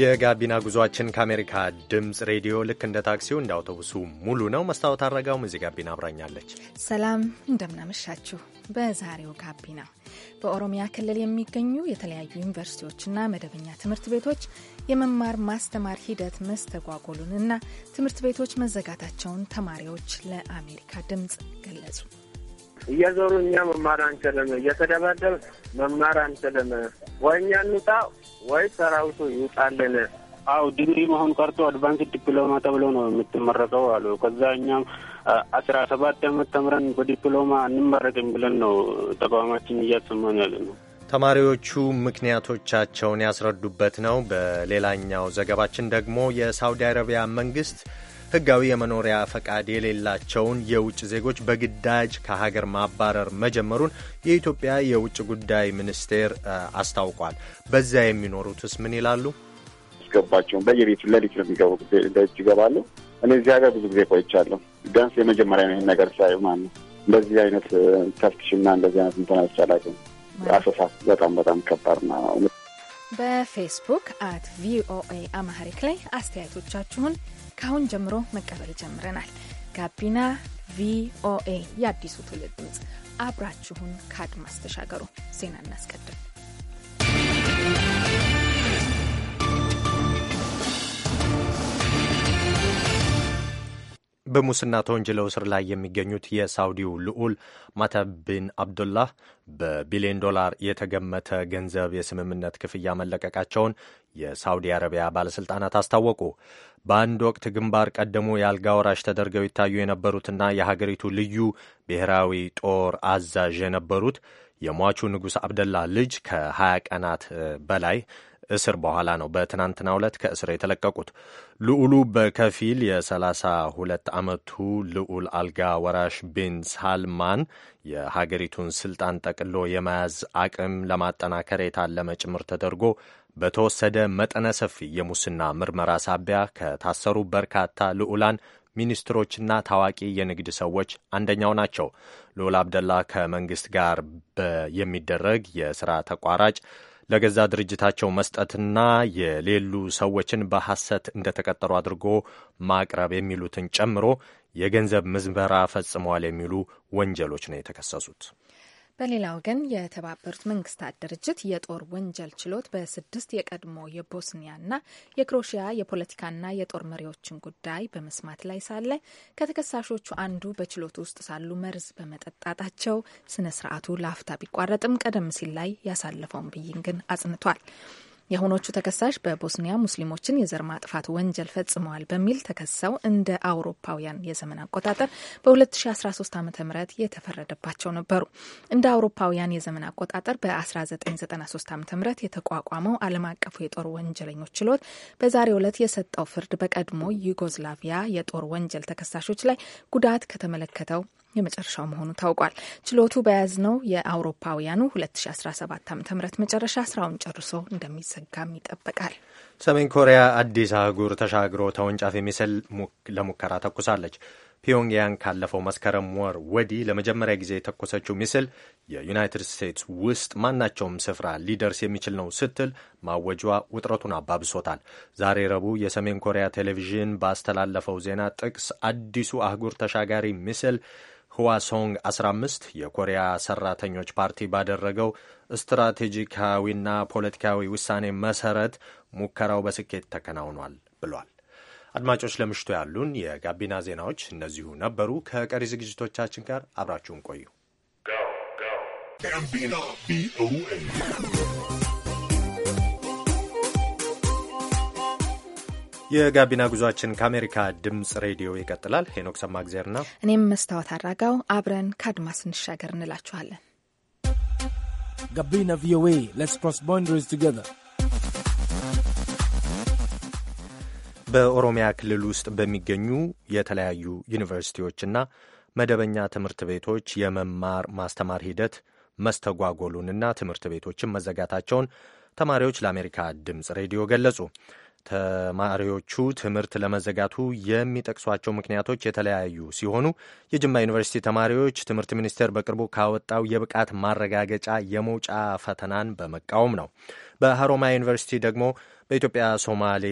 የጋቢና ጉዟችን ከአሜሪካ ድምፅ ሬዲዮ ልክ እንደ ታክሲው እንደ አውቶቡሱ ሙሉ ነው። መስታወት አረጋውም እዚህ ጋቢና አብራኛለች። ሰላም እንደምናመሻችሁ። በዛሬው ጋቢና በኦሮሚያ ክልል የሚገኙ የተለያዩ ዩኒቨርሲቲዎችና መደበኛ ትምህርት ቤቶች የመማር ማስተማር ሂደት መስተጓጎሉንና ትምህርት ቤቶች መዘጋታቸውን ተማሪዎች ለአሜሪካ ድምፅ ገለጹ። እየዞሩ እኛ መማር አንችልም፣ እየተደበደብ መማር አንችልም። ወይ እኛ እንውጣ ወይ ሰራዊቱ ይውጣልን። አው ዲግሪ መሆን ቀርቶ አድቫንስ ዲፕሎማ ተብሎ ነው የምትመረቀው አሉ። ከዛ እኛም አስራ ሰባት አመት ተምረን በዲፕሎማ እንመረቅም ብለን ነው ተቋማችን እያሰማን ያለ ነው። ተማሪዎቹ ምክንያቶቻቸውን ያስረዱበት ነው። በሌላኛው ዘገባችን ደግሞ የሳውዲ አረቢያ መንግስት ህጋዊ የመኖሪያ ፈቃድ የሌላቸውን የውጭ ዜጎች በግዳጅ ከሀገር ማባረር መጀመሩን የኢትዮጵያ የውጭ ጉዳይ ሚኒስቴር አስታውቋል። በዚያ የሚኖሩትስ ምን ይላሉ? ገባቸውን በየቤቱ ለሊት ነው የሚገቡ ደጅ ይገባሉ። እኔ እዚህ ሀገር ብዙ ጊዜ ቆይቻለሁ። ቢያንስ የመጀመሪያ ነው ይህን ነገር ሳይ ማለት ነው። እንደዚህ አይነት ተፍትሽና እንደዚህ አይነት እንትን አይቻላቅም። አሰሳት በጣም በጣም ከባድ ና በፌስቡክ አት ቪኦኤ አማህሪክ ላይ አስተያየቶቻችሁን ካሁን ጀምሮ መቀበል ጀምረናል። ጋቢና ቪኦኤ የአዲሱ ትውልድ ድምፅ፣ አብራችሁን ከአድማስ ተሻገሩ። ዜና እናስቀድም። በሙስና ተወንጅለው እስር ላይ የሚገኙት የሳውዲው ልዑል ማተብ ቢን አብዱላህ በቢሊዮን ዶላር የተገመተ ገንዘብ የስምምነት ክፍያ መለቀቃቸውን የሳውዲ አረቢያ ባለሥልጣናት አስታወቁ። በአንድ ወቅት ግንባር ቀደሙ የአልጋ ወራሽ ተደርገው ይታዩ የነበሩትና የሀገሪቱ ልዩ ብሔራዊ ጦር አዛዥ የነበሩት የሟቹ ንጉሥ አብደላ ልጅ ከ20 ቀናት በላይ እስር በኋላ ነው በትናንትናው ዕለት ከእስር የተለቀቁት። ልዑሉ በከፊል የ ሁለት ዓመቱ ልዑል አልጋ ወራሽ ቢን ሳልማን የሀገሪቱን ስልጣን ጠቅሎ የመያዝ አቅም ለማጠናከር የታለመ ጭምር ተደርጎ በተወሰደ መጠነ ሰፊ የሙስና ምርመራ ሳቢያ ከታሰሩ በርካታ ልዑላን ሚኒስትሮችና ታዋቂ የንግድ ሰዎች አንደኛው ናቸው። ልዑል አብደላ ከመንግስት ጋር የሚደረግ የስራ ተቋራጭ ለገዛ ድርጅታቸው መስጠትና የሌሉ ሰዎችን በሐሰት እንደተቀጠሩ አድርጎ ማቅረብ የሚሉትን ጨምሮ የገንዘብ ምዝበራ ፈጽመዋል የሚሉ ወንጀሎች ነው የተከሰሱት። በሌላ ወገን የተባበሩት መንግስታት ድርጅት የጦር ወንጀል ችሎት በስድስት የቀድሞ የቦስኒያና የክሮሺያ የፖለቲካና የጦር መሪዎችን ጉዳይ በመስማት ላይ ሳለ ከተከሳሾቹ አንዱ በችሎት ውስጥ ሳሉ መርዝ በመጠጣታቸው ስነ ስርዓቱ ላፍታ ቢቋረጥም ቀደም ሲል ላይ ያሳለፈውን ብይን ግን አጽንቷል። የሆኖቹ ተከሳሽ በቦስኒያ ሙስሊሞችን የዘር ማጥፋት ወንጀል ፈጽመዋል በሚል ተከሰው እንደ አውሮፓውያን የዘመን አቆጣጠር በ2013 ዓ ም የተፈረደባቸው ነበሩ። እንደ አውሮፓውያን የዘመን አቆጣጠር በ1993 ዓ ም የተቋቋመው ዓለም አቀፉ የጦር ወንጀለኞች ችሎት በዛሬው ዕለት የሰጠው ፍርድ በቀድሞ ዩጎዝላቪያ የጦር ወንጀል ተከሳሾች ላይ ጉዳት ከተመለከተው የመጨረሻው መሆኑ ታውቋል። ችሎቱ በያዝነው የአውሮፓውያኑ 2017 ዓ ም መጨረሻ ስራውን ጨርሶ እንደሚዘጋም ይጠበቃል። ሰሜን ኮሪያ አዲስ አህጉር ተሻግሮ ተወንጫፊ ሚሳይል ለሙከራ ተኩሳለች። ፒዮንግያንግ ካለፈው መስከረም ወር ወዲህ ለመጀመሪያ ጊዜ የተኮሰችው ሚስል የዩናይትድ ስቴትስ ውስጥ ማናቸውም ስፍራ ሊደርስ የሚችል ነው ስትል ማወጇ ውጥረቱን አባብሶታል። ዛሬ ረቡዕ የሰሜን ኮሪያ ቴሌቪዥን ባስተላለፈው ዜና ጥቅስ አዲሱ አህጉር ተሻጋሪ ሚስል ህዋሶንግ 15 የኮሪያ ሰራተኞች ፓርቲ ባደረገው ስትራቴጂካዊና ፖለቲካዊ ውሳኔ መሰረት ሙከራው በስኬት ተከናውኗል ብሏል። አድማጮች፣ ለምሽቱ ያሉን የጋቢና ዜናዎች እነዚሁ ነበሩ። ከቀሪ ዝግጅቶቻችን ጋር አብራችሁን ቆዩ። የጋቢና ጉዟችን ከአሜሪካ ድምፅ ሬዲዮ ይቀጥላል። ሄኖክ ሰማእግዜርና እኔም መስታወት አድራጋው አብረን ከአድማስ እንሻገር እንላችኋለን። ጋቢና ቪኦኤ ሌትስ ክሮስ ቦንደሪስ ቱጌዘር። በኦሮሚያ ክልል ውስጥ በሚገኙ የተለያዩ ዩኒቨርሲቲዎችና መደበኛ ትምህርት ቤቶች የመማር ማስተማር ሂደት መስተጓጎሉንና ትምህርት ቤቶችን መዘጋታቸውን ተማሪዎች ለአሜሪካ ድምፅ ሬዲዮ ገለጹ። ተማሪዎቹ ትምህርት ለመዘጋቱ የሚጠቅሷቸው ምክንያቶች የተለያዩ ሲሆኑ የጅማ ዩኒቨርሲቲ ተማሪዎች ትምህርት ሚኒስቴር በቅርቡ ካወጣው የብቃት ማረጋገጫ የመውጫ ፈተናን በመቃወም ነው። በሀሮማያ ዩኒቨርሲቲ ደግሞ በኢትዮጵያ ሶማሌ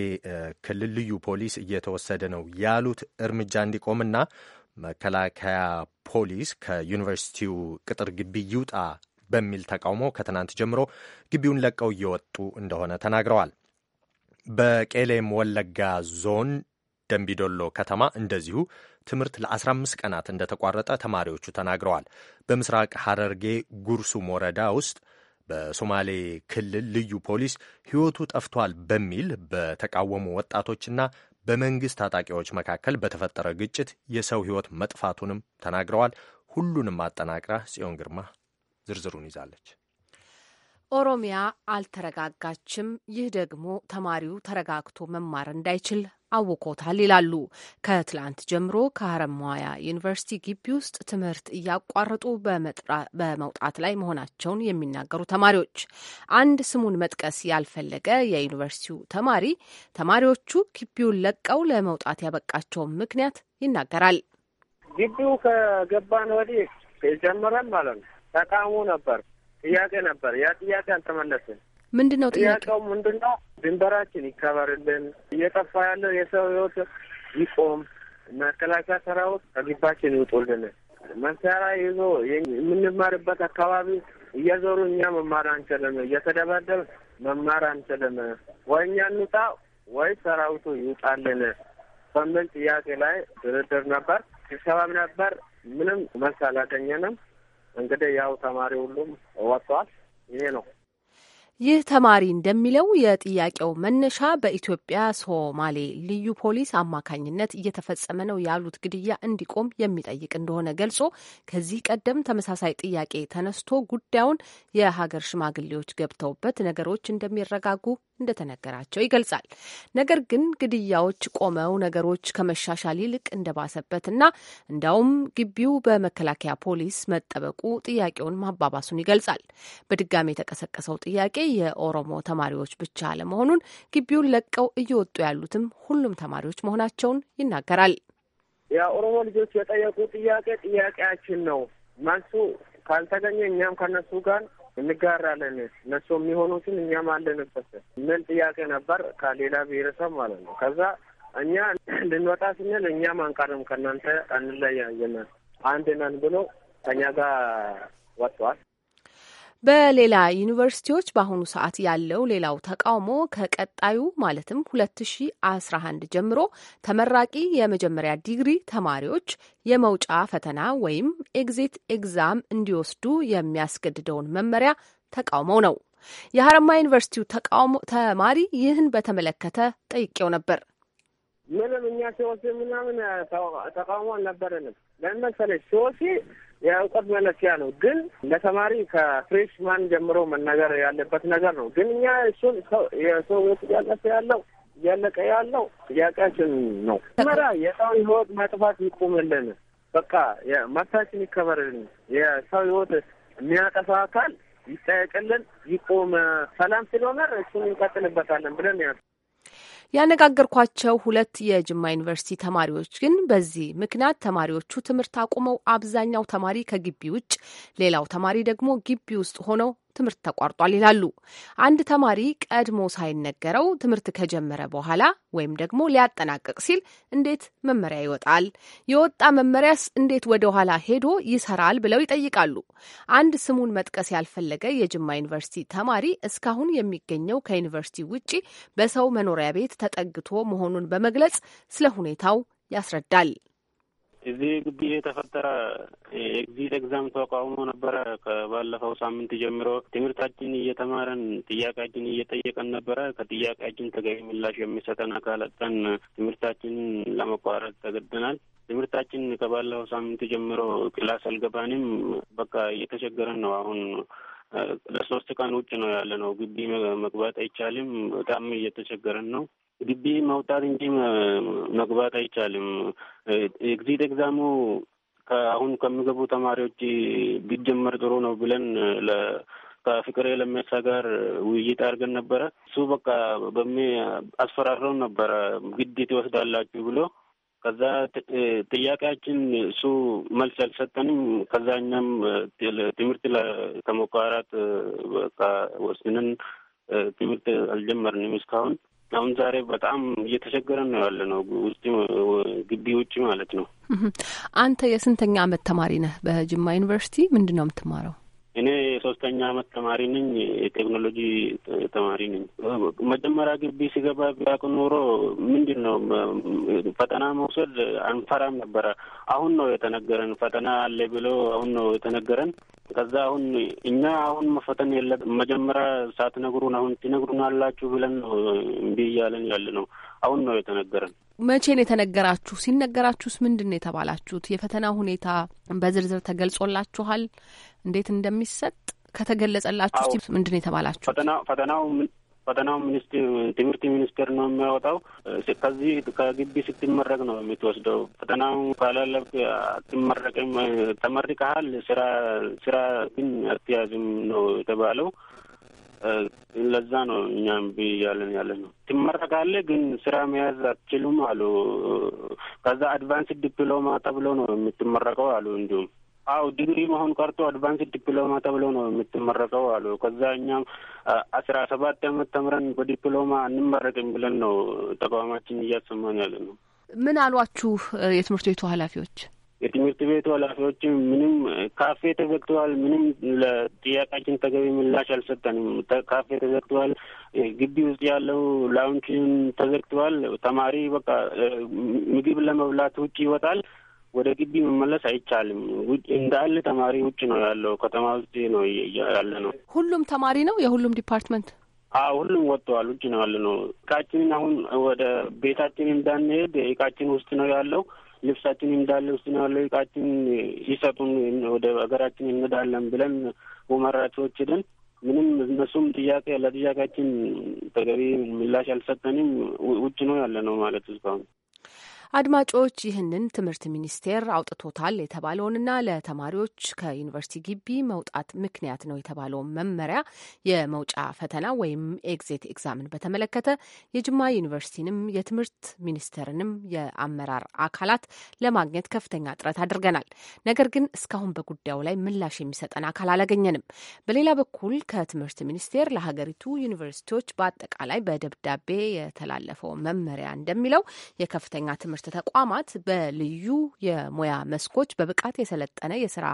ክልል ልዩ ፖሊስ እየተወሰደ ነው ያሉት እርምጃ እንዲቆምና መከላከያ ፖሊስ ከዩኒቨርሲቲው ቅጥር ግቢ ይውጣ በሚል ተቃውሞ ከትናንት ጀምሮ ግቢውን ለቀው እየወጡ እንደሆነ ተናግረዋል። በቄሌም ወለጋ ዞን ደንቢዶሎ ከተማ እንደዚሁ ትምህርት ለ15 ቀናት እንደተቋረጠ ተማሪዎቹ ተናግረዋል። በምስራቅ ሐረርጌ ጉርሱም ወረዳ ውስጥ በሶማሌ ክልል ልዩ ፖሊስ ሕይወቱ ጠፍቷል በሚል በተቃወሙ ወጣቶችና በመንግሥት ታጣቂዎች መካከል በተፈጠረ ግጭት የሰው ሕይወት መጥፋቱንም ተናግረዋል። ሁሉንም አጠናቅራ ጽዮን ግርማ ዝርዝሩን ይዛለች። ኦሮሚያ አልተረጋጋችም። ይህ ደግሞ ተማሪው ተረጋግቶ መማር እንዳይችል አውቆታል ይላሉ። ከትላንት ጀምሮ ከሀረማያ ዩኒቨርሲቲ ግቢ ውስጥ ትምህርት እያቋረጡ በመውጣት ላይ መሆናቸውን የሚናገሩ ተማሪዎች። አንድ ስሙን መጥቀስ ያልፈለገ የዩኒቨርሲቲው ተማሪ ተማሪዎቹ ግቢውን ለቀው ለመውጣት ያበቃቸውን ምክንያት ይናገራል። ግቢው ከገባን ወዲህ የጀመረን ማለት ነው ተቃውሞ ነበር ጥያቄ ነበር። ያ ጥያቄ አልተመለስም። ምንድን ነው ጥያቄው? ምንድን ነው? ድንበራችን ይከበርልን፣ እየጠፋ ያለው የሰው ህይወት ይቆም፣ መከላከያ ሰራዊት ከግባችን ይውጡልን፣ መሳሪያ ይዞ የምንማርበት አካባቢ እየዞሩ እኛ መማር አንችልም፣ እየተደበደብ መማር አንችልም። ወይ እኛ እንውጣ ወይ ሰራዊቱ ይውጣልን በምን ጥያቄ ላይ ድርድር ነበር፣ ስብሰባም ነበር። ምንም መልስ አላገኘንም። እንግዲህ ያው ተማሪ ሁሉም ወጥተዋል። ይሄ ነው። ይህ ተማሪ እንደሚለው የጥያቄው መነሻ በኢትዮጵያ ሶማሌ ልዩ ፖሊስ አማካኝነት እየተፈጸመ ነው ያሉት ግድያ እንዲቆም የሚጠይቅ እንደሆነ ገልጾ ከዚህ ቀደም ተመሳሳይ ጥያቄ ተነስቶ ጉዳዩን የሀገር ሽማግሌዎች ገብተውበት ነገሮች እንደሚረጋጉ እንደተነገራቸው ይገልጻል። ነገር ግን ግድያዎች ቆመው ነገሮች ከመሻሻል ይልቅ እንደባሰበትና እንዲያውም ግቢው በመከላከያ ፖሊስ መጠበቁ ጥያቄውን ማባባሱን ይገልጻል። በድጋሚ የተቀሰቀሰው ጥያቄ የኦሮሞ ተማሪዎች ብቻ አለመሆኑን ግቢውን ለቀው እየወጡ ያሉትም ሁሉም ተማሪዎች መሆናቸውን ይናገራል። የኦሮሞ ልጆች የጠየቁ ጥያቄ ጥያቄያችን ነው መልሱ ካልተገኘ እኛም ከነሱ ጋር እንጋራለን። እነሱ የሚሆኑትን እኛም አለንበት። ምን ጥያቄ ነበር ከሌላ ብሔረሰብ ማለት ነው። ከዛ እኛ ልንወጣ ስንል እኛም አንቀርም ከእናንተ አንለያየናል አንድ ነን ብሎ ከእኛ ጋር ወጥቷል። በሌላ ዩኒቨርሲቲዎች በአሁኑ ሰዓት ያለው ሌላው ተቃውሞ ከቀጣዩ ማለትም 2011 ጀምሮ ተመራቂ የመጀመሪያ ዲግሪ ተማሪዎች የመውጫ ፈተና ወይም ኤግዚት ኤግዛም እንዲወስዱ የሚያስገድደውን መመሪያ ተቃውሞ ነው። የሀረማ ዩኒቨርሲቲው ተቃውሞ ተማሪ ይህን በተመለከተ ጠይቄው ነበር። ምንም እኛ ሲወሲ ምናምን ተቃውሞ አልነበረንም። ለምን መሰለሽ ሲወሲ የእውቀት መለኪያ ነው። ግን ለተማሪ ከፍሬሽማን ጀምሮ መነገር ያለበት ነገር ነው። ግን እኛ እሱን የሰው ቤት እያለፈ ያለው እያለቀ ያለው ጥያቄያችን ነው። መራ የሰው ህይወት መጥፋት ይቁምልን። በቃ መብታችን ይከበርልን። የሰው ህይወት የሚያጠፋ አካል ይጠየቅልን፣ ይቁም። ሰላም ስለሆነ እሱን እንቀጥልበታለን ብለን ያ ያነጋገርኳቸው ሁለት የጅማ ዩኒቨርሲቲ ተማሪዎች ግን በዚህ ምክንያት ተማሪዎቹ ትምህርት አቁመው አብዛኛው ተማሪ ከግቢ ውጭ፣ ሌላው ተማሪ ደግሞ ግቢ ውስጥ ሆነው ትምህርት ተቋርጧል ይላሉ። አንድ ተማሪ ቀድሞ ሳይነገረው ትምህርት ከጀመረ በኋላ ወይም ደግሞ ሊያጠናቅቅ ሲል እንዴት መመሪያ ይወጣል? የወጣ መመሪያስ እንዴት ወደ ኋላ ሄዶ ይሰራል? ብለው ይጠይቃሉ። አንድ ስሙን መጥቀስ ያልፈለገ የጅማ ዩኒቨርሲቲ ተማሪ እስካሁን የሚገኘው ከዩኒቨርሲቲ ውጪ በሰው መኖሪያ ቤት ተጠግቶ መሆኑን በመግለጽ ስለ ሁኔታው ያስረዳል። እዚህ ግቢ የተፈጠረ ኤግዚት ኤግዛም ተቋውሞ ነበረ። ከባለፈው ሳምንት ጀምሮ ትምህርታችን እየተማረን ጥያቄያችን እየጠየቀን ነበረ። ከጥያቄያችን ተገቢ ምላሽ የሚሰጠን አካል ትምህርታችንን ለመቋረጥ ተገደናል። ትምህርታችን ከባለፈው ሳምንት ጀምሮ ክላስ አልገባንም። በቃ እየተቸገረን ነው አሁን ለሶስት ቀን ውጭ ነው ያለ ነው። ግቢ መግባት አይቻልም። በጣም እየተቸገረን ነው። ግቢ መውጣት እንጂ መግባት አይቻልም። ኤግዚት ኤግዛሙ አሁን ከሚገቡ ተማሪዎች ቢጀመር ጥሩ ነው ብለን ከፍቅሬ ለሜሳ ጋር ውይይት አድርገን ነበረ። እሱ በቃ በሚ አስፈራረውን ነበረ ግዴት ይወስዳላችሁ ብሎ ከዛ ጥያቄያችን እሱ መልስ አልሰጠንም። ከዛ እኛም ትምህርት ከመቋራት በቃ ወስንን ትምህርት አልጀመርንም እስካሁን አሁን ዛሬ በጣም እየተቸገረን ነው ያለ ነው ውጭ ግቢ ውጭ ማለት ነው። አንተ የስንተኛ አመት ተማሪ ነህ? በጅማ ዩኒቨርሲቲ ምንድን ነው የምትማረው? የሶስተኛ አመት ተማሪ ነኝ። የቴክኖሎጂ ተማሪ ነኝ። መጀመሪያ ግቢ ሲገባ ቢያቅ ኖሮ ምንድን ነው ፈተና መውሰድ አንፈራም ነበረ። አሁን ነው የተነገረን ፈተና አለ ብሎ አሁን ነው የተነገረን። ከዛ አሁን እኛ አሁን መፈተን የለ መጀመሪያ ሳትነግሩን አሁን ሲነግሩን አላችሁ ብለን ነው እምቢ እያለን ያለ ነው። አሁን ነው የተነገረን። መቼ ነው የተነገራችሁ? ሲነገራችሁስ ምንድን ነው የተባላችሁት? የፈተና ሁኔታ በዝርዝር ተገልጾላችኋል? እንዴት እንደሚሰጥ ከተገለጸላችሁ ስ ምንድን የተባላችሁ? ፈተናው ፈተናው ሚኒስቴር ትምህርት ሚኒስቴር ነው የሚያወጣው። ከዚህ ከግቢ ስትመረቅ ነው የምትወስደው። ፈተናው ካላለፍ አትመረቅም። ተመርቀሃል፣ ስራ ስራ ግን አትያዝም ነው የተባለው። ለዛ ነው እኛም ብያለን ያለ ነው። ትመረቃለህ ግን ስራ መያዝ አትችሉም አሉ። ከዛ አድቫንስ ዲፕሎማ ተብሎ ነው የምትመረቀው አሉ እንዲሁም አው ዲግሪ መሆን ቀርቶ አድቫንስ ዲፕሎማ ተብሎ ነው የምትመረቀው አሉ። ከዛ እኛም አስራ ሰባት አመት ተምረን በዲፕሎማ እንመረቅም ብለን ነው ተቋማችን እያሰማን ያለ ነው። ምን አሏችሁ የትምህርት ቤቱ ኃላፊዎች? የትምህርት ቤቱ ኃላፊዎችም ምንም ካፌ ተዘግተዋል፣ ምንም ለጥያቄያችን ተገቢ ምላሽ አልሰጠንም። ካፌ ተዘግተዋል፣ ግቢ ውስጥ ያለው ላውንችን ተዘግተዋል። ተማሪ በቃ ምግብ ለመብላት ውጭ ይወጣል። ወደ ግቢ መመለስ አይቻልም። እንዳለ ተማሪ ውጭ ነው ያለው። ከተማ ውስጥ ነው ያለ ነው። ሁሉም ተማሪ ነው። የሁሉም ዲፓርትመንት አዎ፣ ሁሉም ወጥተዋል። ውጭ ነው ያለ ነው። እቃችንን አሁን ወደ ቤታችን እንዳንሄድ እቃችን ውስጥ ነው ያለው። ልብሳችን እንዳለ ውስጥ ነው ያለው። እቃችን ይሰጡን፣ ወደ ሀገራችን እንሄዳለን ብለን ወመራቾች ሄደን ምንም እነሱም ጥያቄ ለጥያቄያችን ተገቢ ምላሽ አልሰጠንም። ውጭ ነው ያለ ነው ማለት እስካሁን አድማጮች ይህንን ትምህርት ሚኒስቴር አውጥቶታል የተባለውንና ለተማሪዎች ከዩኒቨርሲቲ ግቢ መውጣት ምክንያት ነው የተባለውን መመሪያ የመውጫ ፈተና ወይም ኤግዚት ኤግዛምን በተመለከተ የጅማ ዩኒቨርሲቲንም የትምህርት ሚኒስቴርንም የአመራር አካላት ለማግኘት ከፍተኛ ጥረት አድርገናል። ነገር ግን እስካሁን በጉዳዩ ላይ ምላሽ የሚሰጠን አካል አላገኘንም። በሌላ በኩል ከትምህርት ሚኒስቴር ለሀገሪቱ ዩኒቨርሲቲዎች በአጠቃላይ በደብዳቤ የተላለፈው መመሪያ እንደሚለው የከፍተኛ ትምህርት ትምህርት ተቋማት በልዩ የሙያ መስኮች በብቃት የሰለጠነ የስራ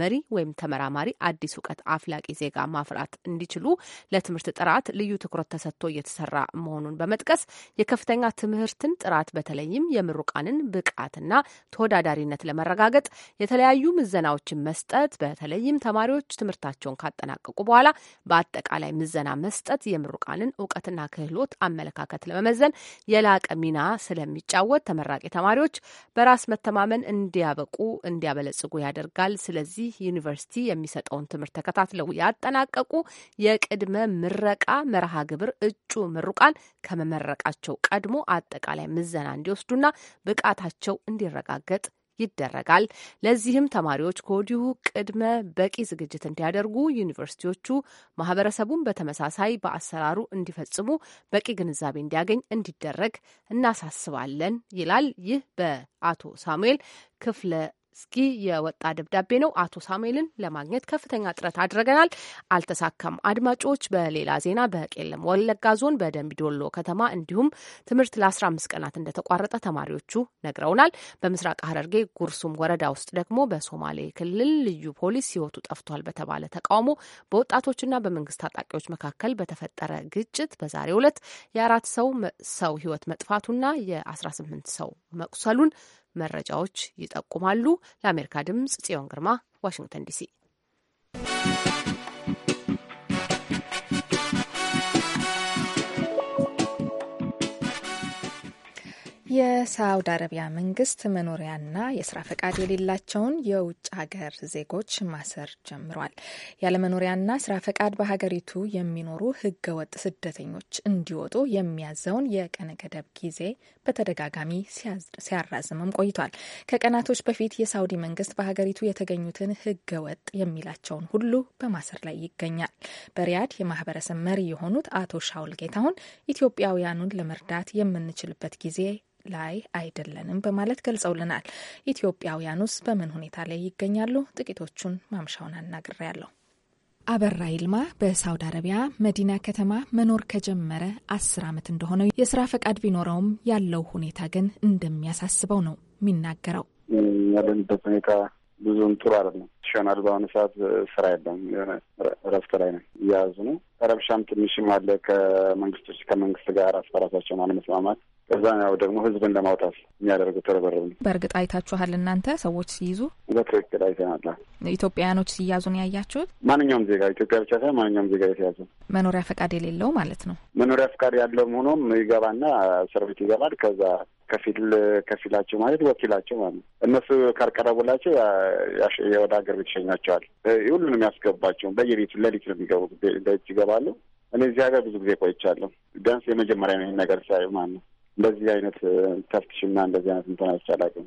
መሪ ወይም ተመራማሪ አዲስ እውቀት አፍላቂ ዜጋ ማፍራት እንዲችሉ ለትምህርት ጥራት ልዩ ትኩረት ተሰጥቶ እየተሰራ መሆኑን በመጥቀስ የከፍተኛ ትምህርትን ጥራት በተለይም የምሩቃንን ብቃትና ተወዳዳሪነት ለመረጋገጥ የተለያዩ ምዘናዎችን መስጠት በተለይም ተማሪዎች ትምህርታቸውን ካጠናቀቁ በኋላ በአጠቃላይ ምዘና መስጠት የምሩቃንን እውቀትና ክህሎት አመለካከት ለመመዘን የላቀ ሚና ስለሚጫወት ተመራቂ ተማሪዎች በራስ መተማመን እንዲያበቁ እንዲያበለጽጉ ያደርጋል። ስለዚህ በዚህ ዩኒቨርሲቲ የሚሰጠውን ትምህርት ተከታትለው ያጠናቀቁ የቅድመ ምረቃ መርሃ ግብር እጩ ምሩቃን ከመመረቃቸው ቀድሞ አጠቃላይ ምዘና እንዲወስዱና ብቃታቸው እንዲረጋገጥ ይደረጋል። ለዚህም ተማሪዎች ከወዲሁ ቅድመ በቂ ዝግጅት እንዲያደርጉ ዩኒቨርሲቲዎቹ ማህበረሰቡን በተመሳሳይ በአሰራሩ እንዲፈጽሙ በቂ ግንዛቤ እንዲያገኝ እንዲደረግ እናሳስባለን ይላል። ይህ በአቶ ሳሙኤል ክፍለ እስኪ የወጣ ደብዳቤ ነው። አቶ ሳሙኤልን ለማግኘት ከፍተኛ ጥረት አድርገናል፣ አልተሳካም። አድማጮች፣ በሌላ ዜና በቄለም ወለጋ ዞን በደምቢዶሎ ከተማ እንዲሁም ትምህርት ለ15 ቀናት እንደተቋረጠ ተማሪዎቹ ነግረውናል። በምስራቅ ሐረርጌ ጉርሱም ወረዳ ውስጥ ደግሞ በሶማሌ ክልል ልዩ ፖሊስ ሕይወቱ ጠፍቷል በተባለ ተቃውሞ በወጣቶችና በመንግስት ታጣቂዎች መካከል በተፈጠረ ግጭት በዛሬው ዕለት የአራት ሰው ሰው ሕይወት መጥፋቱና የ18 ሰው መቁሰሉን መረጃዎች ይጠቁማሉ። ለአሜሪካ ድምጽ ጽዮን ግርማ ዋሽንግተን ዲሲ። የሳውዲ አረቢያ መንግስት መኖሪያና የስራ ፈቃድ የሌላቸውን የውጭ ሀገር ዜጎች ማሰር ጀምሯል። ያለመኖሪያና ስራ ፈቃድ በሀገሪቱ የሚኖሩ ህገወጥ ስደተኞች እንዲወጡ የሚያዘውን የቀነ ገደብ ጊዜ በተደጋጋሚ ሲያራዝምም ቆይቷል። ከቀናቶች በፊት የሳውዲ መንግስት በሀገሪቱ የተገኙትን ህገወጥ የሚላቸውን ሁሉ በማሰር ላይ ይገኛል። በሪያድ የማህበረሰብ መሪ የሆኑት አቶ ሻውል ጌታሁን ኢትዮጵያውያኑን ለመርዳት የምንችልበት ጊዜ ላይ አይደለንም በማለት ገልጸውልናል። ኢትዮጵያውያኑስ በምን ሁኔታ ላይ ይገኛሉ? ጥቂቶቹን ማምሻውን አናግሬያለሁ። አበራ ይልማ በሳውዲ አረቢያ መዲና ከተማ መኖር ከጀመረ አስር ዓመት እንደሆነው የስራ ፈቃድ ቢኖረውም ያለው ሁኔታ ግን እንደሚያሳስበው ነው የሚናገረው። ያለንበት ሁኔታ ብዙም ጥሩ አይደለም። ሻናል በአሁኑ ሰዓት ስራ የለም። የሆነ እረፍት ላይ ነው እያያዙ ነው። ረብሻም ትንሽም አለ ከመንግስቶች ከመንግስት ጋር አስፈራሳቸው በራሳቸው አለመስማማት ከዛም ያው ደግሞ ህዝብን ለማውጣት የሚያደርጉት ርብርብ ነው። በእርግጥ አይታችኋል እናንተ ሰዎች ሲይዙ? በትክክል አይተናል። ኢትዮጵያውያኖች ሲያዙ ነው ያያችሁት? ማንኛውም ዜጋ ኢትዮጵያ ብቻ ሳይሆን ማንኛውም ዜጋ የተያዙ መኖሪያ ፈቃድ የሌለው ማለት ነው። መኖሪያ ፈቃድ ያለው ሆኖም ይገባና እስር ቤት ይገባል። ከዛ ከፊል ከፊላቸው ማለት ወኪላቸው ማለት ነው። እነሱ ካልቀረቡላቸው ወደ ሀገር ቤት ይሸኛቸዋል። ሁሉንም ያስገባቸው በየቤቱ ለሊት ነው የሚገቡ ደጅ ይገባሉ። እኔ እዚህ ሀገር ብዙ ጊዜ ቆይቻለሁ። ቢያንስ የመጀመሪያ ነው ይህን ነገር ሲያዩ ማለት ነው እንደዚህ አይነት ተፍትሽ እና እንደዚህ አይነት እንትናዎች አይቼ አላውቅም።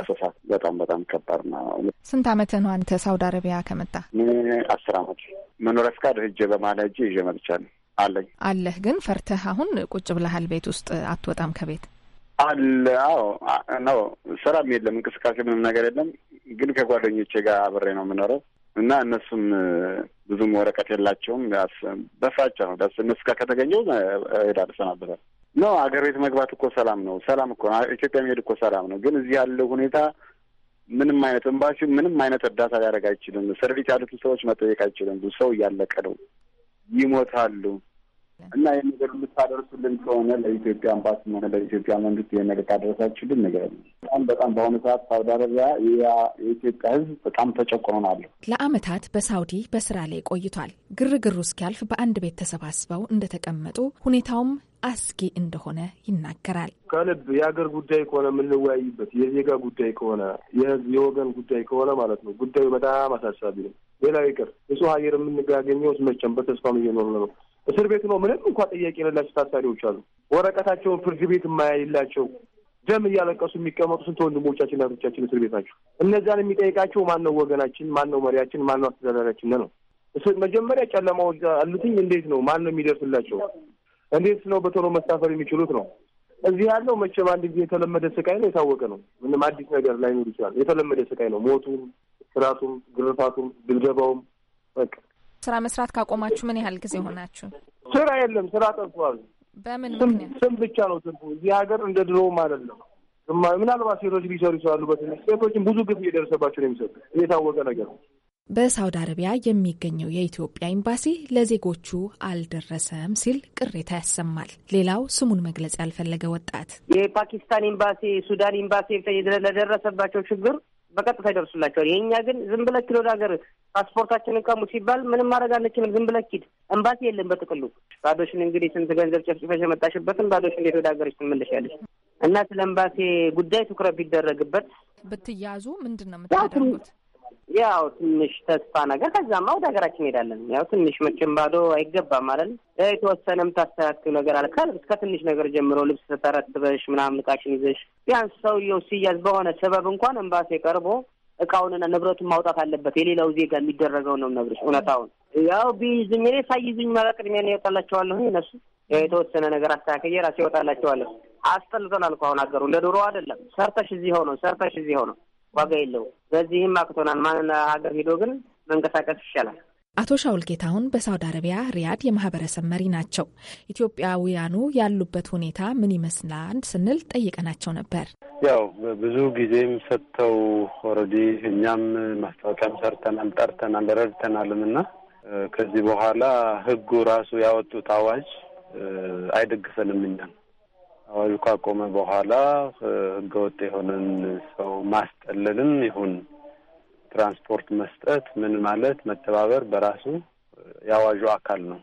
አሰሳ በጣም በጣም ከባድ ነው። ስንት አመት ነው አንተ ሳውዲ አረቢያ ከመጣ? አስር አመት መኖሪያ ፍቃድ ሂጄ በማለ እጄ ይዤ መጥቻለሁ። አለኝ አለህ። ግን ፈርተህ አሁን ቁጭ ብለሃል ቤት ውስጥ አትወጣም ከቤት አለ? አዎ ነው። ስራም የለም እንቅስቃሴ ምንም ነገር የለም። ግን ከጓደኞቼ ጋር አብሬ ነው የምኖረው እና እነሱም ብዙም ወረቀት የላቸውም። በፍራቻ ነው። እነሱ ጋር ከተገኘው ሄዳ ልሰናበታል ነው። አገር ቤት መግባት እኮ ሰላም ነው። ሰላም እኮ ኢትዮጵያ መሄድ እኮ ሰላም ነው። ግን እዚህ ያለው ሁኔታ ምንም አይነት እምባሲ ምንም አይነት እርዳታ ሊያደርግ አይችልም። ሰርቪስ ያሉት ሰዎች መጠየቅ አይችልም። ብዙ ሰው እያለቀ ነው፣ ይሞታሉ። እና ይህ ነገር ልታደርሱልን ከሆነ ለኢትዮጵያ አምባሲ ሆነ ለኢትዮጵያ መንግስት ይህ ነገር ካደረሳችሁልን ነገር በጣም በጣም በአሁኑ ሰዓት ሳውዲ አረቢያ የኢትዮጵያ ሕዝብ በጣም ተጨቁኖናል። ለአመታት በሳውዲ በስራ ላይ ቆይቷል። ግርግሩ እስኪያልፍ በአንድ ቤት ተሰባስበው እንደተቀመጡ ሁኔታውም አስጊ እንደሆነ ይናገራል። ከልብ የሀገር ጉዳይ ከሆነ የምንወያይበት የዜጋ ጉዳይ ከሆነ የህዝብ የወገን ጉዳይ ከሆነ ማለት ነው ጉዳዩ በጣም አሳሳቢ ነው። ሌላው ይቅር ንጹህ አየር የምንጋገኘው መቼም በተስፋም እየኖር ነው። እስር ቤት ነው ምንም እንኳ ጥያቄ የሌላቸው ታሳሪዎች አሉ። ወረቀታቸውን ፍርድ ቤት የማያይላቸው ደም እያለቀሱ የሚቀመጡ ስንት ወንድሞቻችን እናቶቻችን እስር ቤት ናቸው። እነዚያን የሚጠይቃቸው ማነው? ወገናችን ማነው? መሪያችን ማነው? አስተዳዳሪያችን ነው። መጀመሪያ ጨለማዎች አሉትኝ እንዴት ነው? ማን ነው የሚደርስላቸው? እንዴት ነው በቶሎ መሳፈር የሚችሉት ነው። እዚህ ያለው መቼም አንድ ጊዜ የተለመደ ስቃይ ነው፣ የታወቀ ነው። ምንም አዲስ ነገር ላይኖር ይችላል። የተለመደ ስቃይ ነው። ሞቱም፣ ስራቱም፣ ግርፋቱም፣ ድብደባውም በቃ ስራ መስራት ካቆማችሁ ምን ያህል ጊዜ ሆናችሁ? ስራ የለም። ስራ ጠፍቷል። በምን ምክንያት? ስም ብቻ ነው ትርፉ። እዚህ ሀገር እንደ ድሮውም አይደለም። ምናልባት ሴቶች ሊሰሩ ይችላሉ በትንሽ ሴቶችን ብዙ ግፍ እየደረሰባቸው ነው የሚሰጡ የታወቀ ነገር ነው። በሳውዲ አረቢያ የሚገኘው የኢትዮጵያ ኤምባሲ ለዜጎቹ አልደረሰም ሲል ቅሬታ ያሰማል። ሌላው ስሙን መግለጽ ያልፈለገ ወጣት የፓኪስታን ኤምባሲ፣ ሱዳን ኤምባሲ ለደረሰባቸው ችግር በቀጥታ ይደርሱላቸዋል። የእኛ ግን ዝም ብለህ ሂድ ወደ ሀገር ፓስፖርታችንን ቀሙ ሲባል ምንም ማድረግ አንችልም። ዝም ብለህ ሂድ ኤምባሲ የለም። በጥቅሉ ባዶሽን እንግዲህ ስንት ገንዘብ ጨፍጭፈሽ የመጣሽበትን ባዶሽ እንዴት ወደ ሀገርሽ ትመለሻለሽ? እና ስለ ኤምባሲ ጉዳይ ትኩረት ቢደረግበት ብትያዙ ምንድን ነው የምታደርጉት? ያው ትንሽ ተስፋ ነገር ከዛማ ወደ ሀገራችን ሄዳለን። ያው ትንሽ መቼም ባዶ አይገባም ማለት የተወሰነም ታስተካክል ነገር አለ። እስከ ከትንሽ ነገር ጀምሮ ልብስ ተረትበሽ ምናምን እቃሽን ይዘሽ ቢያንስ ሰውየው ሲያዝ በሆነ ሰበብ እንኳን ኤምባሲ ቀርቦ እቃውንና ንብረቱን ማውጣት አለበት። የሌላው ዜጋ የሚደረገው ነው የምነግርሽ እውነታውን። ያው ቢይዝኝ እኔ ሳይዙኝ ማለት ቅድሚያ ነው ይወጣላቸዋለሁ እነሱ የተወሰነ ነገር አስተካክዬ ራሴ ይወጣላቸዋለሁ። አስጠልቶናል እኮ አሁን ሀገሩ ለድሮ አይደለም። ሰርተሽ እዚህ ሆኖ ሰርተሽ እዚህ ሆኖ ዋጋ የለውም። በዚህም አቅቶናል። ማን ሀገር ሄዶ ግን መንቀሳቀስ ይሻላል። አቶ ሻውል ጌታሁን በሳውዲ አረቢያ ሪያድ የማህበረሰብ መሪ ናቸው። ኢትዮጵያውያኑ ያሉበት ሁኔታ ምን ይመስላል ስንል ጠይቀናቸው ነበር። ያው ብዙ ጊዜም ሰጥተው ኦልሬዲ እኛም ማስታወቂያም ሰርተናል፣ ጠርተናል፣ ረድተናልም እና ከዚህ በኋላ ህጉ ራሱ ያወጡት አዋጅ አይደግፈንም እኛም አዋጁ ካቆመ በኋላ ህገወጥ የሆነን ሰው ማስጠለልም ይሁን ትራንስፖርት መስጠት ምን ማለት መተባበር በራሱ የአዋጁ አካል ነው።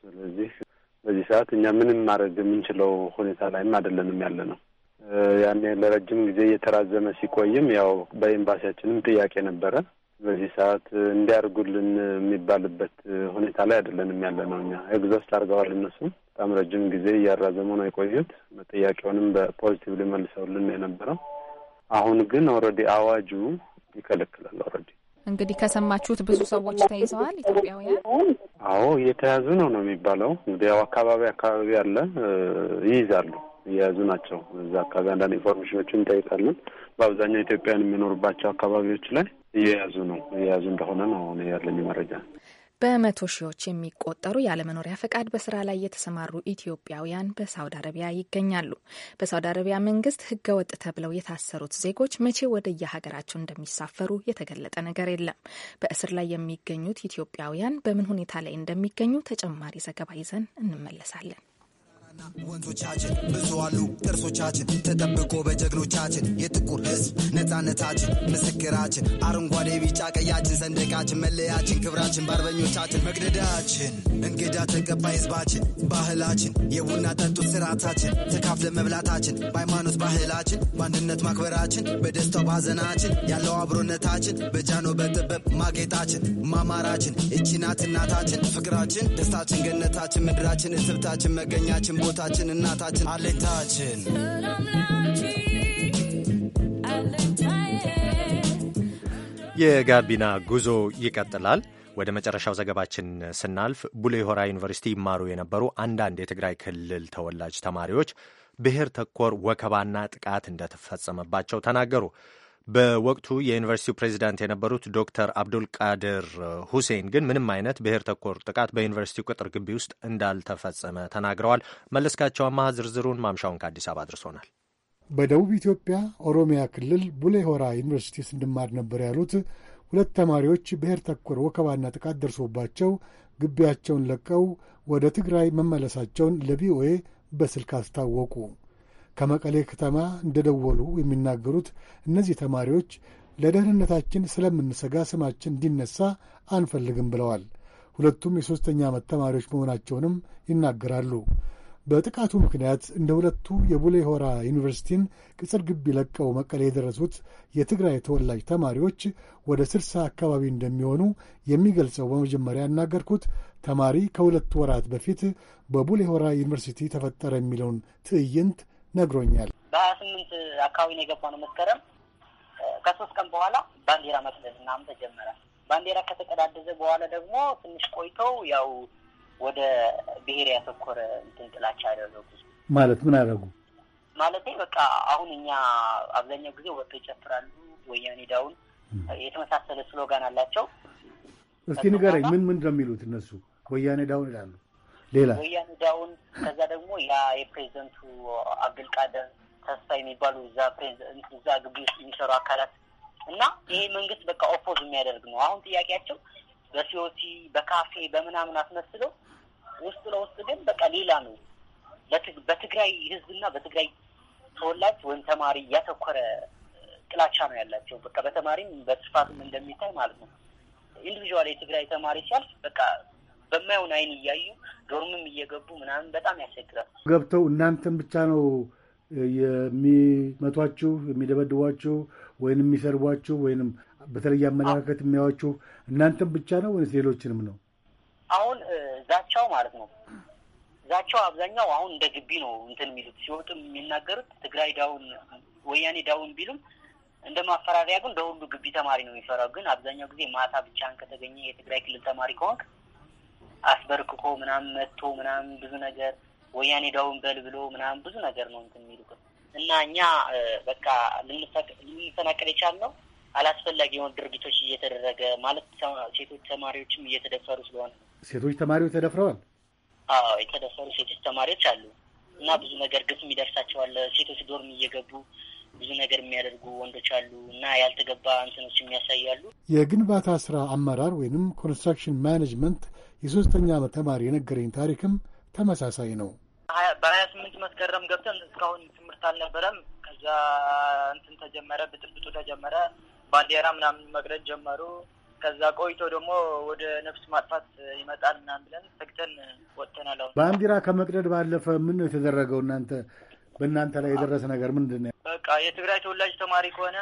ስለዚህ በዚህ ሰዓት እኛ ምንም ማድረግ የምንችለው ሁኔታ ላይም አይደለንም ያለ ነው። ያኔ ለረጅም ጊዜ እየተራዘመ ሲቆይም ያው በኤምባሲያችንም ጥያቄ ነበረ። በዚህ ሰዓት እንዲያርጉልን የሚባልበት ሁኔታ ላይ አይደለንም ያለ ነው። እኛ ኤግዞስት አድርገዋል። እነሱም በጣም ረጅም ጊዜ እያራዘሙ ነው የቆዩት። ጥያቄውንም በፖዚቲቭ ሊመልሰውልን የነበረው አሁን ግን ኦልሬዲ አዋጁ ይከለክላል። ኦልሬዲ እንግዲህ ከሰማችሁት ብዙ ሰዎች ተይዘዋል ኢትዮጵያውያን። አዎ እየተያዙ ነው ነው የሚባለው። እንግዲህ ያው አካባቢ አካባቢ አለ ይይዛሉ፣ እየያዙ ናቸው። እዛ አካባቢ አንዳንድ ኢንፎርሜሽኖችን እንጠይቃለን። በአብዛኛው ኢትዮጵያውያን የሚኖሩባቸው አካባቢዎች ላይ እየያዙ ነው እየያዙ እንደሆነ ነው አሁን ያለኝ መረጃ። በመቶ ሺዎች የሚቆጠሩ ያለመኖሪያ ፈቃድ በስራ ላይ የተሰማሩ ኢትዮጵያውያን በሳውዲ አረቢያ ይገኛሉ። በሳውዲ አረቢያ መንግስት ህገወጥ ተብለው የታሰሩት ዜጎች መቼ ወደ የሀገራቸው እንደሚሳፈሩ የተገለጠ ነገር የለም። በእስር ላይ የሚገኙት ኢትዮጵያውያን በምን ሁኔታ ላይ እንደሚገኙ ተጨማሪ ዘገባ ይዘን እንመለሳለን። ወንዞቻችን ብዙ አሉ ቅርሶቻችን ተጠብቆ በጀግኖቻችን የጥቁር ሕዝብ ነፃነታችን ምስክራችን አረንጓዴ ቢጫ ቀያችን ሰንደቃችን መለያችን ክብራችን በአርበኞቻችን መግደዳችን እንግዳ ተቀባይ ሕዝባችን ባህላችን የቡና ጠጡት ስርዓታችን ተካፍለ መብላታችን በሃይማኖት ባህላችን በአንድነት ማክበራችን በደስታው ባዘናችን ያለው አብሮነታችን በጃኖ በጥበብ ማጌጣችን ማማራችን እቺ እናታችን ፍቅራችን ደስታችን ገነታችን ምድራችን እስብታችን መገኛችን ቦታችን እናታችን አለታችን የጋቢና ጉዞ ይቀጥላል። ወደ መጨረሻው ዘገባችን ስናልፍ ቡሌ ሆራ ዩኒቨርሲቲ ይማሩ የነበሩ አንዳንድ የትግራይ ክልል ተወላጅ ተማሪዎች ብሔር ተኮር ወከባና ጥቃት እንደተፈጸመባቸው ተናገሩ። በወቅቱ የዩኒቨርሲቲው ፕሬዚዳንት የነበሩት ዶክተር አብዱል ቃድር ሁሴን ግን ምንም አይነት ብሔር ተኮር ጥቃት በዩኒቨርሲቲው ቅጥር ግቢ ውስጥ እንዳልተፈጸመ ተናግረዋል። መለስካቸው አማሃ ዝርዝሩን ማምሻውን ከአዲስ አበባ አድርሶናል። በደቡብ ኢትዮጵያ ኦሮሚያ ክልል ቡሌ ሆራ ዩኒቨርሲቲ ስንማር ነበር ያሉት ሁለት ተማሪዎች ብሔር ተኮር ወከባና ጥቃት ደርሶባቸው ግቢያቸውን ለቀው ወደ ትግራይ መመለሳቸውን ለቪኦኤ በስልክ አስታወቁ። ከመቀሌ ከተማ እንደደወሉ የሚናገሩት እነዚህ ተማሪዎች ለደህንነታችን ስለምንሰጋ ስማችን እንዲነሳ አንፈልግም ብለዋል። ሁለቱም የሦስተኛ ዓመት ተማሪዎች መሆናቸውንም ይናገራሉ። በጥቃቱ ምክንያት እንደ ሁለቱ የቡሌ ሆራ ዩኒቨርሲቲን ቅጽር ግቢ ለቀው መቀሌ የደረሱት የትግራይ ተወላጅ ተማሪዎች ወደ ስልሳ አካባቢ እንደሚሆኑ የሚገልጸው በመጀመሪያ ያናገርኩት ተማሪ ከሁለቱ ወራት በፊት በቡሌ ሆራ ዩኒቨርሲቲ ተፈጠረ የሚለውን ትዕይንት ነግሮኛል። በሀያ ስምንት አካባቢ ነው የገባ ነው መስከረም። ከሶስት ቀን በኋላ ባንዲራ መቅደድ ምናምን ተጀመረ። ባንዲራ ከተቀዳደዘ በኋላ ደግሞ ትንሽ ቆይተው ያው ወደ ብሔር ያተኮረ እንትን ጥላቻ ያደረጉ ማለት ምን አደረጉ ማለት በቃ አሁን እኛ አብዛኛው ጊዜ ወጥቶ ይጨፍራሉ፣ ወያኔ ዳውን የተመሳሰለ ስሎጋን አላቸው። እስቲ ንገረኝ፣ ምን ምንድን ነው የሚሉት እነሱ? ወያኔ ዳውን ይላሉ። ሌላ ወያኔ ዳውን፣ ከዛ ደግሞ ያ የፕሬዚደንቱ አብዱልቃደር ተስፋ የሚባሉ እዛ ፕሬዚደንት እዛ ግቢ ውስጥ የሚሰሩ አካላት እና ይሄ መንግስት በቃ ኦፖዝ የሚያደርግ ነው። አሁን ጥያቄያቸው በሲኦቲ በካፌ በምናምን አስመስለው ውስጥ ለውስጥ ግን በቃ ሌላ ነው። በትግራይ ህዝብና በትግራይ ተወላጅ ወይም ተማሪ እያተኮረ ጥላቻ ነው ያላቸው። በቃ በተማሪም በስፋትም እንደሚታይ ማለት ነው። ኢንዲቪዥዋል የትግራይ ተማሪ ሲያልፍ በቃ በማየውን አይን እያዩ ዶርምም እየገቡ ምናምን በጣም ያስቸግራል። ገብተው እናንተን ብቻ ነው የሚመቷችሁ፣ የሚደበድቧችሁ፣ ወይም የሚሰርቧችሁ ወይንም በተለየ አመለካከት የሚያዋችሁ እናንተን ብቻ ነው ወይስ ሌሎችንም ነው? አሁን ዛቻው ማለት ነው ዛቻው አብዛኛው አሁን እንደ ግቢ ነው እንትን የሚሉት ሲወጡ የሚናገሩት ትግራይ ዳውን ወያኔ ዳውን ቢሉም እንደ ማፈራሪያ ግን በሁሉ ግቢ ተማሪ ነው የሚፈራው። ግን አብዛኛው ጊዜ ማታ ብቻህን ከተገኘ የትግራይ ክልል ተማሪ ከሆንክ አስበርክኮ ምናምን መጥቶ ምናም ብዙ ነገር ወያኔ ዳውን በል ብሎ ምናም ብዙ ነገር ነው እንትን የሚሉት እና እኛ በቃ ልንፈናቀል የቻልነው አላስፈላጊ የሆኑ ድርጊቶች እየተደረገ ማለት ሴቶች ተማሪዎችም እየተደፈሩ ስለሆነ ሴቶች ተማሪዎች ተደፍረዋል። አዎ የተደፈሩ ሴቶች ተማሪዎች አሉ እና ብዙ ነገር ግፍ ይደርሳቸዋል። ሴቶች ዶርም እየገቡ ብዙ ነገር የሚያደርጉ ወንዶች አሉ እና ያልተገባ እንትኖች የሚያሳያሉ። የግንባታ ስራ አመራር ወይንም ኮንስትራክሽን ማኔጅመንት የሶስተኛ ዓመት ተማሪ የነገረኝ ታሪክም ተመሳሳይ ነው። በሀያ ስምንት መስከረም ገብተን እስካሁን ትምህርት አልነበረም። ከዛ እንትን ተጀመረ፣ ብጥብጡ ተጀመረ። ባንዲራ ምናምን መቅረጽ ጀመሩ። ከዛ ቆይቶ ደግሞ ወደ ነፍስ ማጥፋት ይመጣል ምናምን ብለን ሰግተን ወጥተናል። አሁን ባንዲራ ከመቅደድ ባለፈ ምን ነው የተደረገው? እናንተ በእናንተ ላይ የደረሰ ነገር ምንድን ነው? በቃ የትግራይ ተወላጅ ተማሪ ከሆነ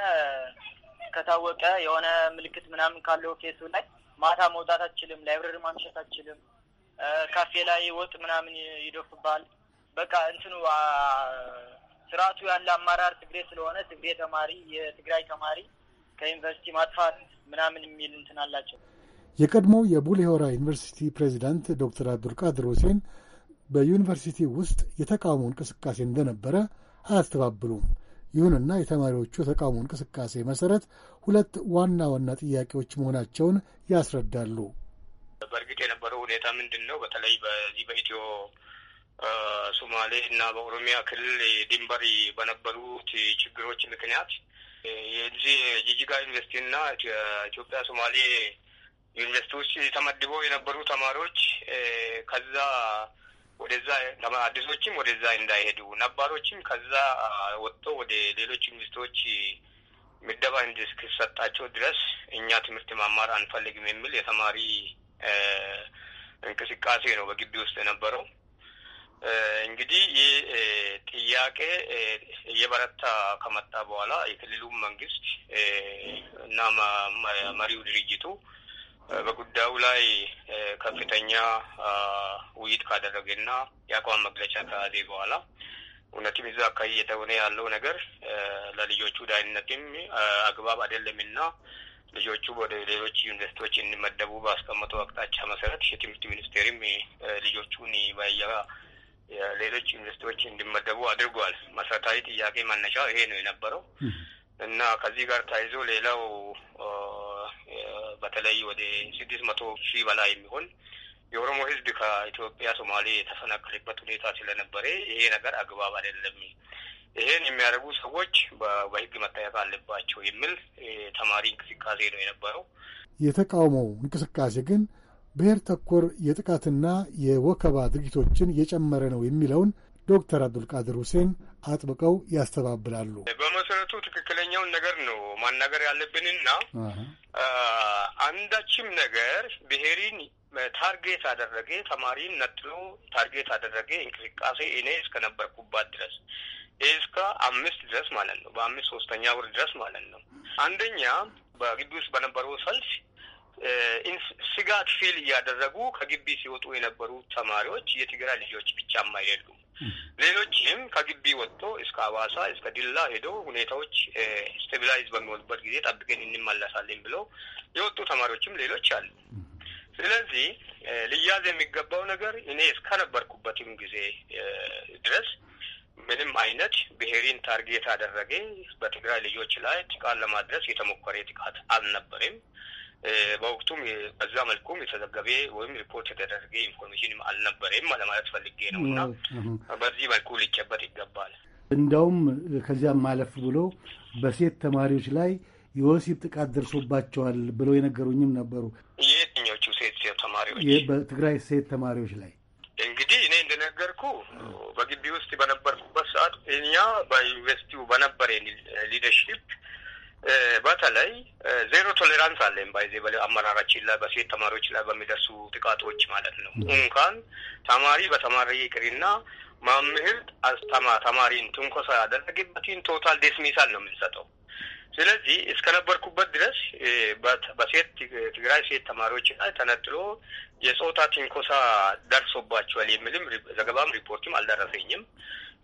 ከታወቀ የሆነ ምልክት ምናምን ካለው ኬሱ ላይ ማታ መውጣት አችልም ላይብረሪ ማምሸት አችልም ካፌ ላይ ወጥ ምናምን ይደፍባል በቃ እንትኑ ስርዓቱ ያለ አመራር ትግሬ ስለሆነ ትግሬ ተማሪ የትግራይ ተማሪ ከዩኒቨርሲቲ ማጥፋት ምናምን የሚል እንትን አላቸው። የቀድሞው የቡሌ ሆራ ዩኒቨርሲቲ ፕሬዚዳንት ዶክተር አብዱልቃድር ሁሴን በዩኒቨርሲቲ ውስጥ የተቃውሞ እንቅስቃሴ እንደነበረ አያስተባብሉም። ይሁንና የተማሪዎቹ የተቃውሞ እንቅስቃሴ መሰረት ሁለት ዋና ዋና ጥያቄዎች መሆናቸውን ያስረዳሉ። በእርግጥ የነበረው ሁኔታ ምንድን ነው? በተለይ በዚህ በኢትዮ ሶማሌ እና በኦሮሚያ ክልል ድንበር በነበሩት ችግሮች ምክንያት የዚህ ጅጅጋ ዩኒቨርሲቲ እና ኢትዮጵያ ሶማሌ ውስጥ ተመድበው የነበሩ ተማሪዎች ከዛ ወደዛ አዲሶችም ወደዛ እንዳይሄዱ ነባሮችም ከዛ ወጥቶ ወደ ሌሎች ዩኒቨርሲቲዎች ምደባ እንዲህ ድረስ እኛ ትምህርት ማማር አንፈልግም የሚል የተማሪ እንቅስቃሴ ነው በግቢ ውስጥ የነበረው። እንግዲህ ይህ ጥያቄ እየበረታ ከመጣ በኋላ የክልሉም መንግስት እና መሪው ድርጅቱ በጉዳዩ ላይ ከፍተኛ ውይይት ካደረገና የአቋም መግለጫ ከያዘ በኋላ እውነትም እዛ አካባቢ እየተሆነ ያለው ነገር ለልጆቹ ዳይነትም አግባብ አይደለምና ልጆቹ ወደ ሌሎች ዩኒቨርስቲዎች እንመደቡ ባስቀመጠው አቅጣጫ መሰረት የትምህርት ሚኒስቴርም ልጆቹን ባያ ሌሎች ዩኒቨርስቲዎች እንዲመደቡ አድርጓል። መሰረታዊ ጥያቄ ማነሻ ይሄ ነው የነበረው እና ከዚህ ጋር ተያይዞ ሌላው በተለይ ወደ ስድስት መቶ ሺህ በላይ የሚሆን የኦሮሞ ህዝብ ከኢትዮጵያ ሶማሌ የተፈናቀለበት ሁኔታ ስለነበረ ይሄ ነገር አግባብ አይደለም፣ ይሄን የሚያደርጉ ሰዎች በህግ መጠየቅ አለባቸው የሚል ተማሪ እንቅስቃሴ ነው የነበረው። የተቃውሞው እንቅስቃሴ ግን ብሔር ተኮር የጥቃትና የወከባ ድርጊቶችን እየጨመረ ነው የሚለውን ዶክተር አብዱልቃድር ሁሴን አጥብቀው ያስተባብላሉ። በመሰረቱ ትክክለኛውን ነገር ነው ማናገር ያለብንና አንዳችም ነገር ብሔሪን? ታርጌት አደረገ። ተማሪን ነጥሎ ታርጌት አደረገ እንቅስቃሴ እኔ እስከነበርኩባት ድረስ እስከ አምስት ድረስ ማለት ነው። በአምስት ሶስተኛ ወር ድረስ ማለት ነው። አንደኛ በግቢ ውስጥ በነበረው ሰልፍ ስጋት ፊል እያደረጉ ከግቢ ሲወጡ የነበሩ ተማሪዎች የትግራይ ልጆች ብቻም አይደሉም። ሌሎችም ከግቢ ወጥቶ እስከ አዋሳ እስከ ዲላ ሄዶ ሁኔታዎች ስቴቢላይዝ በሚሆኑበት ጊዜ ጠብቀን እንመለሳለን ብለው የወጡ ተማሪዎችም ሌሎች አሉ። ስለዚህ ልያዝ የሚገባው ነገር እኔ እስከነበርኩበትም ጊዜ ድረስ ምንም አይነት ብሔሪን ታርጌት አደረገ በትግራይ ልጆች ላይ ጥቃት ለማድረስ የተሞከረ ጥቃት አልነበረም። በወቅቱም በዛ መልኩም የተዘገበ ወይም ሪፖርት የተደረገ ኢንፎርሜሽንም አልነበረም ለማለት ፈልጌ ነው እና በዚህ መልኩ ሊጨበጥ ይገባል። እንደውም ከዚያም ማለፍ ብሎ በሴት ተማሪዎች ላይ የወሲብ ጥቃት ደርሶባቸዋል ብለው የነገሩኝም ነበሩ። የየትኞቹ ሴት ሴት ተማሪዎች? ይህ በትግራይ ሴት ተማሪዎች ላይ እንግዲህ እኔ እንደነገርኩ በግቢ ውስጥ በነበርኩበት ሰዓት እኛ በዩኒቨርሲቲው በነበረ ሊደርሽፕ በተለይ ዜሮ ቶሌራንስ አለን ባይዜ አመራራችን ላይ በሴት ተማሪዎች ላይ በሚደርሱ ጥቃቶች ማለት ነው። እንኳን ተማሪ በተማሪ ይቅርና መምህር አስተማ ተማሪን ትንኮሳ ያደረግበትን ቶታል ዴስሚሳል ነው የምንሰጠው። ስለዚህ እስከነበርኩበት ድረስ በሴት ትግራይ ሴት ተማሪዎች ላይ ተነጥሎ የጾታ ትንኮሳ ደርሶባቸዋል የሚልም ዘገባም ሪፖርትም አልደረሰኝም።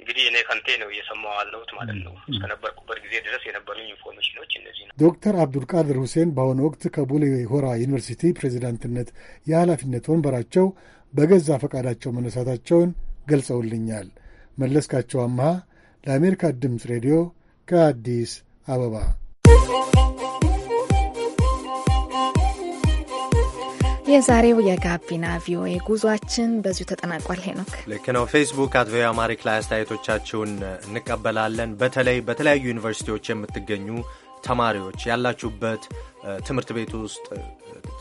እንግዲህ እኔ ከንቴ ነው እየሰማሁ ያለሁት ማለት ነው። እስከነበርኩበት ጊዜ ድረስ የነበሩ ኢንፎርሜሽኖች እነዚህ ነው። ዶክተር አብዱልቃድር ሁሴን በአሁኑ ወቅት ከቡሌ ሆራ ዩኒቨርሲቲ ፕሬዚዳንትነት የኃላፊነት ወንበራቸው በገዛ ፈቃዳቸው መነሳታቸውን ገልጸውልኛል። መለስካቸው አምሃ ለአሜሪካ ድምፅ ሬዲዮ ከአዲስ አበባ። የዛሬው የጋቢና ቪኦኤ ጉዟችን በዚሁ ተጠናቋል። ሄኖክ ልክ ነው። ፌስቡክ አት ቪኦኤ አማሪክ ላይ አስተያየቶቻችሁን እንቀበላለን። በተለይ በተለያዩ ዩኒቨርሲቲዎች የምትገኙ ተማሪዎች ያላችሁበት ትምህርት ቤት ውስጥ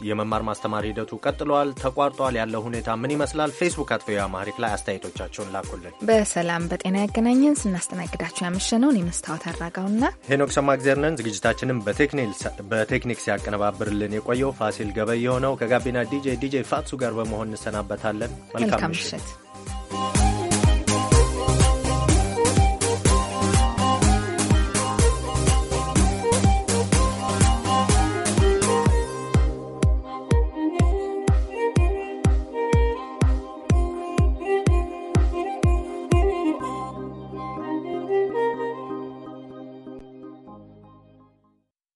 የመማር ማስተማር ሂደቱ ቀጥሏል፣ ተቋርጧል? ያለው ሁኔታ ምን ይመስላል? ፌስቡክ አት ቪኦኤ አማሪክ ላይ አስተያየቶቻቸውን ላኩልን። በሰላም በጤና ያገናኘን። ስናስተናግዳቸው ያመሸነውን የመስታወት አራጋውና ሄኖክ ሰማእግዜር ነን። ዝግጅታችንም በቴክኒክ ሲያቀነባብርልን የቆየው ፋሲል ገበየ የሆነው ከጋቢና ዲጄ ዲጄ ፋትሱ ጋር በመሆን እንሰናበታለን። መልካም ምሽት።